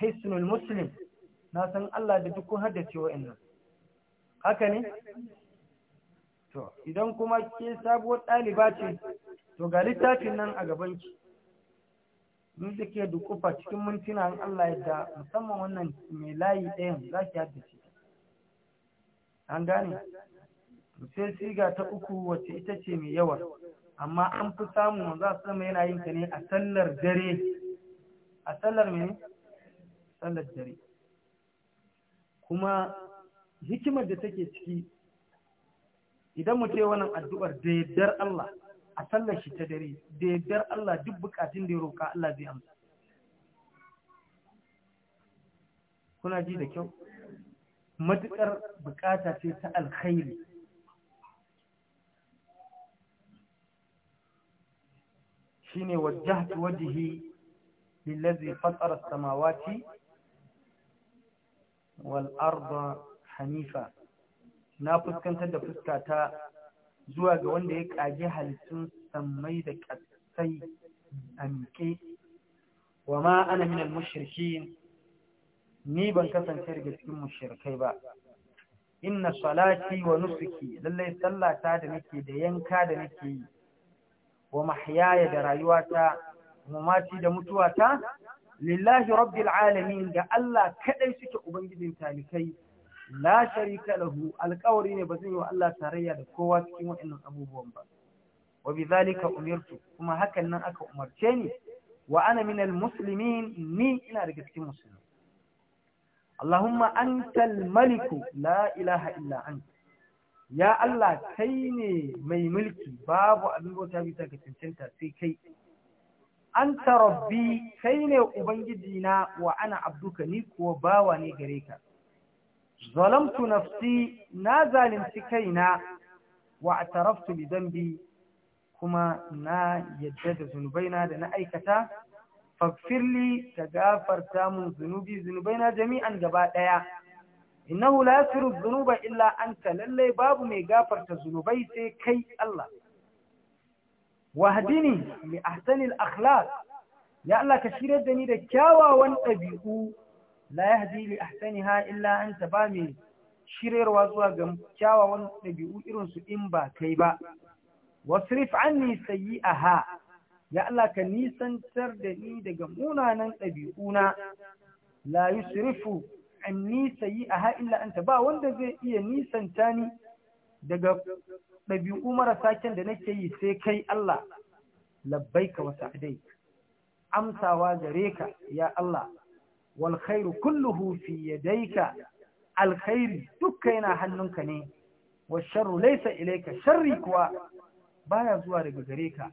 hisnul muslim na san Allah da duk haddace waɗannan haka ne to idan kuma ke sabuwar ɗaliba ce to ga littafin nan a gabanki ke kike dukufa cikin mintuna in Allah ya da musamman wannan mai layi ɗayan za ki shi an gane sai siga ta uku wacce ita ce mai yawa amma an fi samun za su sama yana yin ta ne a sallar dare a sallar mai sallar dare kuma hikimar da take ciki idan mu ce wannan addu'ar da dar Allah a sallar shi ta dare da yaddar Allah duk bukatun da ya roƙa Allah zai amsa kuna ji da kyau matuƙar bukata ce ta alkhairi shine wajjahtu wajihi lillazi fatara samawati wal arda hanifa na fuskantar da fuskata zuwa ga wanda ya kage halittun sammai da ƙasai a miƙe wa ma ana minal mushirki? ni ban kasance daga cikin mushirikai ba inna salati wa nusuki lallai sallata da nake da yanka da nake yi wa mahyaya da rayuwata mamati da mutuwata lillahi rabbil alamin ga Allah kadai suke ubangijin talikai la sharika lahu alƙawari ne ba zan yi wa Allah tarayya da kowa cikin waɗannan abubuwan ba wa bidhalika umirtu kuma hakan nan aka umarce ni wa ana minal muslimin ni ina daga cikin musulmi Allahumma antal maliku la ilaha illa anta ya Allah kai ne mai mulki babu abin bauta bisa ga cancanta sai kai anta rabbi kai ne ubangiji na wa ana abduka ni kuwa bawa ne gare ka zalamtu nafsi na zalunci kaina wa ataraftu bi dambi kuma na yadda da zunubaina da na aikata faffirli ta gafarta mun zunubi Zunubai na jami'an gaba daya innahu la yaghfiru illa anta lallai babu mai gafarta zunubai sai kai Allah wahdini li ahsani al akhlaq ya Allah ka shirye da ni da kyawawan ɗabi'u la yahdi li ahsaniha illa ta ba mai shiryarwa zuwa ga kyawawan ɗabi'u irin su in ba kai ba wasrif anni aha ya Allah ka nisantar da ni daga munanan ɗabi'una la yusrifu anni sayyi'aha illa ta ba wanda zai iya nisanta ni daga ɗabi'u marasa kyan da nake yi sai kai Allah labbaika wasu adai, amsawa gare ka ya Allah wal khairu kulluhu fi yadayka al khairi dukka yana hannunka ne wa sharru laysa ilayka sharri kuwa baya zuwa daga gareka. ka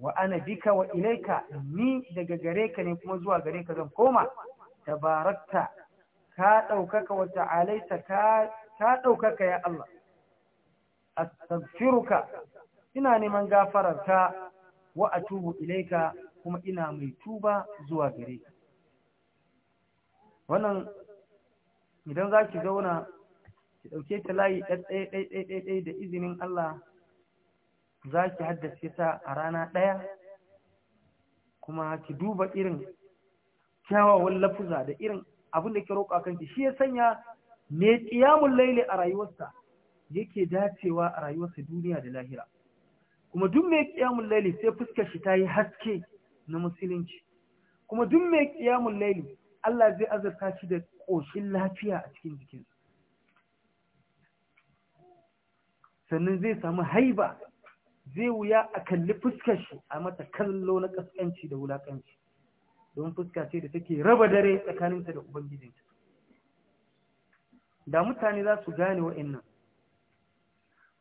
wa ana bika wa ilayka ni daga gareka ne kuma zuwa gareka zan koma tabarakta ka daukaka wa ta'alaita ka ka ya Allah astaghfiruka ina neman gafararka wa atubu ilayka kuma ina mai tuba zuwa gare wannan idan za ki zauna ki ɗauke ta layi ɗaiɗaiɗaiɗaiɗai da izinin Allah za ki haddace ta a rana ɗaya kuma ki duba irin kyawawan lafuza da irin abin da ke roƙa kanki shi ya sanya mai ƙiyamun laili a rayuwarsa yake dacewa a rayuwarsa duniya da lahira kuma duk mai ƙiyamun laili sai fuskar shi ta yi haske na musulunci kuma duk mai ƙiyamun laili Allah zai azurta shi da ƙoshin lafiya a cikin jikinsa sannan zai samu haiba zai wuya a kalli fuskar shi a mata kallo na ƙasƙanci da wulaƙanci don fuska ce da take raba dare tsakaninta da ubangijinta da mutane za su gane wa'annan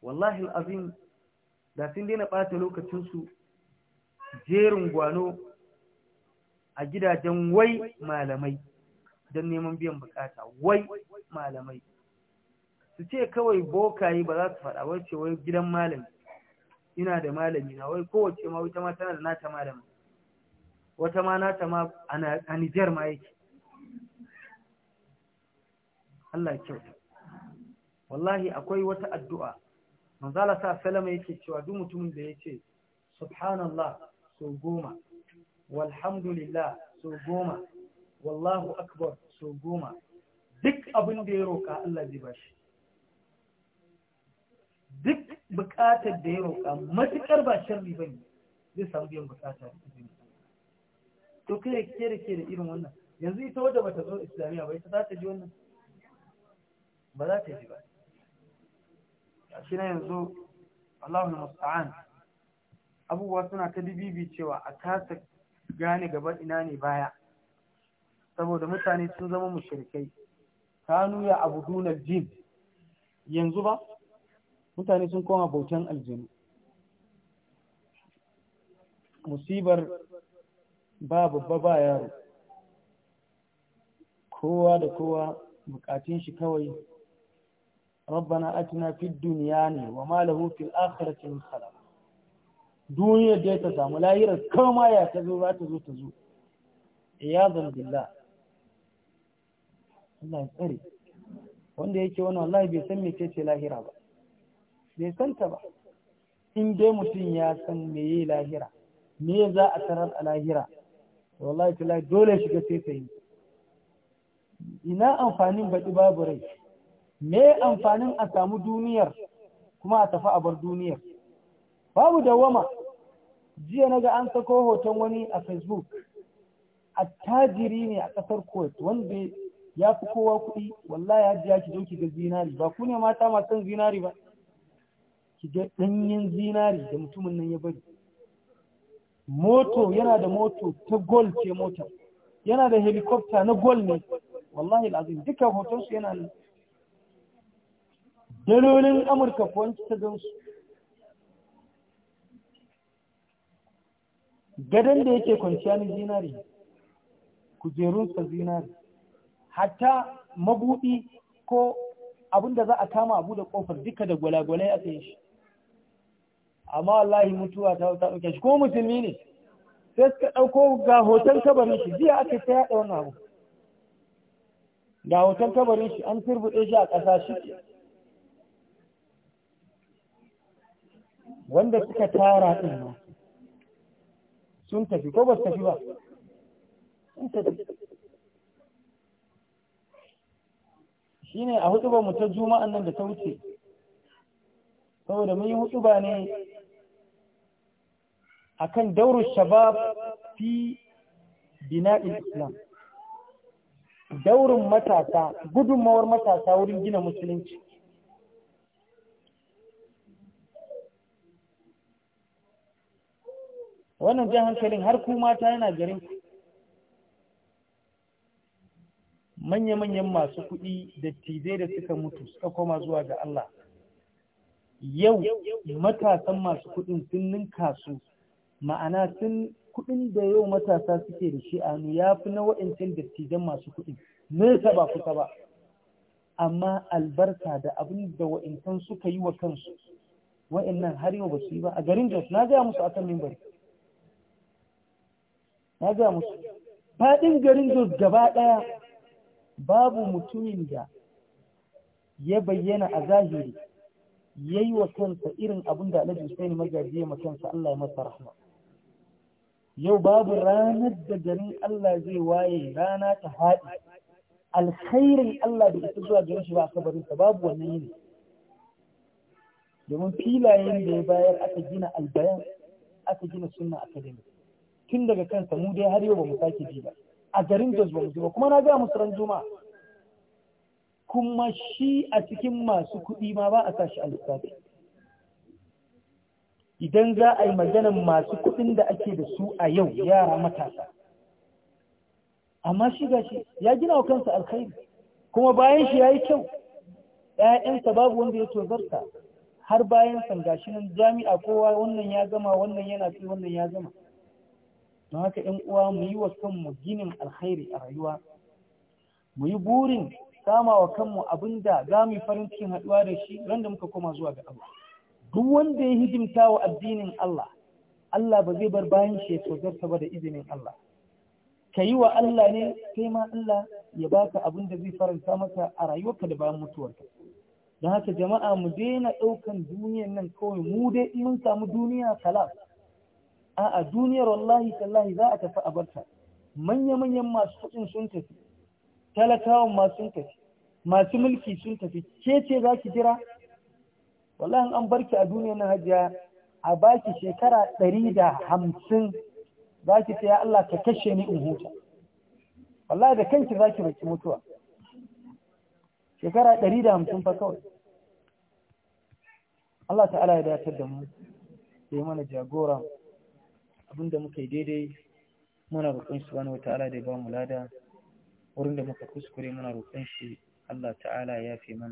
wallahi azim da sun daina ɓata lokacinsu jerin gwano a gidajen wai malamai don neman biyan bukata wai malamai su ce kawai bokaye ba za su faɗa wai ce wai gidan malami ina da malami na wai kowace ma wata ma tana da nata malami wata ma nata ma a Nijar ma yake Allah kyau. wallahi akwai wata addu'a manzala sa salama yake cewa duk mutumin da ya ce subhanallah sau goma walhamdulillah so goma wallahu akbar so goma duk abin da ya roƙa Allah zai bashi duk buƙatar da ya roƙa matuƙar ba sharri bane zai samu biyan buƙata to kai ke da ke da irin wannan yanzu ita wadda bata zo islamiyya ba ita za ta ji wannan ba za ta ji ba shi na yanzu Allahu musta'an abubuwa suna ta dibibi cewa a kasa gane gaba ina ne baya saboda mutane sun zama mushrikai kanu ya abudun aljin yanzu ba mutane sun koma bautan aljinu musibar ba babba ba yaro kowa da kowa bukatun shi kawai rabbana atina في الدنيا ne wa في lahu من akhirati duniyar da ta samu lahirar kama ya ta zo za ta zo ta zo ya zambilla Allah ya tsare wanda yake wani wallahi bai san mece ce lahira ba bai san ta ba in dai mutum ya san me yi lahira me za a tarar a lahira wallahi ta dole shiga sai ta yi ina amfanin baɗi babu rai me amfanin a samu duniyar kuma a tafi a bar duniyar babu dawama jiya na ga an sako hoton wani a facebook attajiri ne a ƙasar kuwait wanda ya fi kowa kuɗi wallahi ya jiya ki zo ki ga zinari ba ku ne mata masu zinari ba ki ga ɗanyen zinari da mutumin nan ya bari moto yana da moto ta gol ce mota. yana da helikopta na gol ne wallahi al'azim duka su yana dalolin amurka kuwanci ta gansu gadon da yake kwanciya na zinari kujerunsa zinari hatta mabuɗi ko abinda da za a kama abu da ƙofar duka da gwalagwalai a kai shi amma wallahi mutuwa ta wata ɗauke shi ko musulmi ne sai suka ɗauko ga hoton kabarin shi jiya aka ta yaɗa wani abu ga hoton kabarin shi an turbuɗe shi a ƙasa shi wanda suka tara ɗin sun tafi ko ba su tafi ba sun tafi shi ne a hutuba mu ta juma'an nan da ta wuce saboda mun yi hutuba ne a kan daurin shabab fi bina'il islam daurin matasa gudunmawar matasa wurin gina musulunci wannan jan hankalin har ku mata yana garin ku manya-manyan masu kuɗi da tizai da suka mutu suka koma zuwa ga Allah yau matasan masu kuɗin sun ninka su ma'ana sun kuɗin da yau matasa suke da shi anu ya fi na wa'ancan dattijan masu kuɗi ne ba kusa ba amma albarka da abin da wa'ancan suka yi wa kansu wa'annan har yau ba su yi ba a garin jos na gaya musu akan mimbari na ga musu faɗin garin Jos gaba ɗaya babu mutumin da ya bayyana a zahiri ya yi wa kansa irin abin da Alhaji Usaini magaji ya kansa Allah ya masa rahma. Yau babu ranar da garin Allah zai waye rana ta haɗi, alkhairin Allah da ita zuwa garin shi ba a kabarinsa babu wannan yini. Domin filayen da ya bayar aka gina albayan, aka gina sunna academy. tun daga kansa mu dai har yau ba mu sake ji ba a garin Jos ba mu ba kuma na ga musu ran juma kuma shi a cikin masu kuɗi ma ba a sashi a lissafi idan za a yi maganan masu kuɗin da ake da su a yau yara matasa amma shi shi ya gina wa kansa alkhairi kuma bayan shi ya yi kyau ‘ya'yansa babu wanda ya tozarta har bayan sangashi jami'a kowa wannan ya gama wannan yana fi wannan ya zama. don haka ‘yan uwa mu yi wa kanmu ginin alkhairi a rayuwa mu yi burin sama wa kanmu abin da za mu yi farin cikin haɗuwa da shi ran muka koma zuwa ga Allah duk wanda ya hidimta wa addinin Allah Allah ba zai bar bayan shi ya ba da izinin Allah ka yi wa Allah ne sai ma Allah ya baka abin da zai faranta maka a rayuwarka da bayan mutuwarka don haka jama'a mu daina ɗaukan duniyan nan kawai mu dai mun samu duniya kalas a'a duniyar wallahi tallahi za a tafi a barta manya-manyan masu kuɗin sun tafi talakawan ma sun tafi masu mulki sun tafi ke ce za ki jira wallahi an barki a duniyar na hajiya a baki shekara ɗari da hamsin za ki ya Allah ka kashe ni in huta wallahi da kanki za ki baki mutuwa shekara ɗari da hamsin fa kawai Allah ta'ala ya datar da mu ya mana jagora da muka yi daidai muna roƙon shi subhanahu wataala da ya ba mu lada wurin da muka kuskure muna roƙon shi Allah ta'ala ya fi mana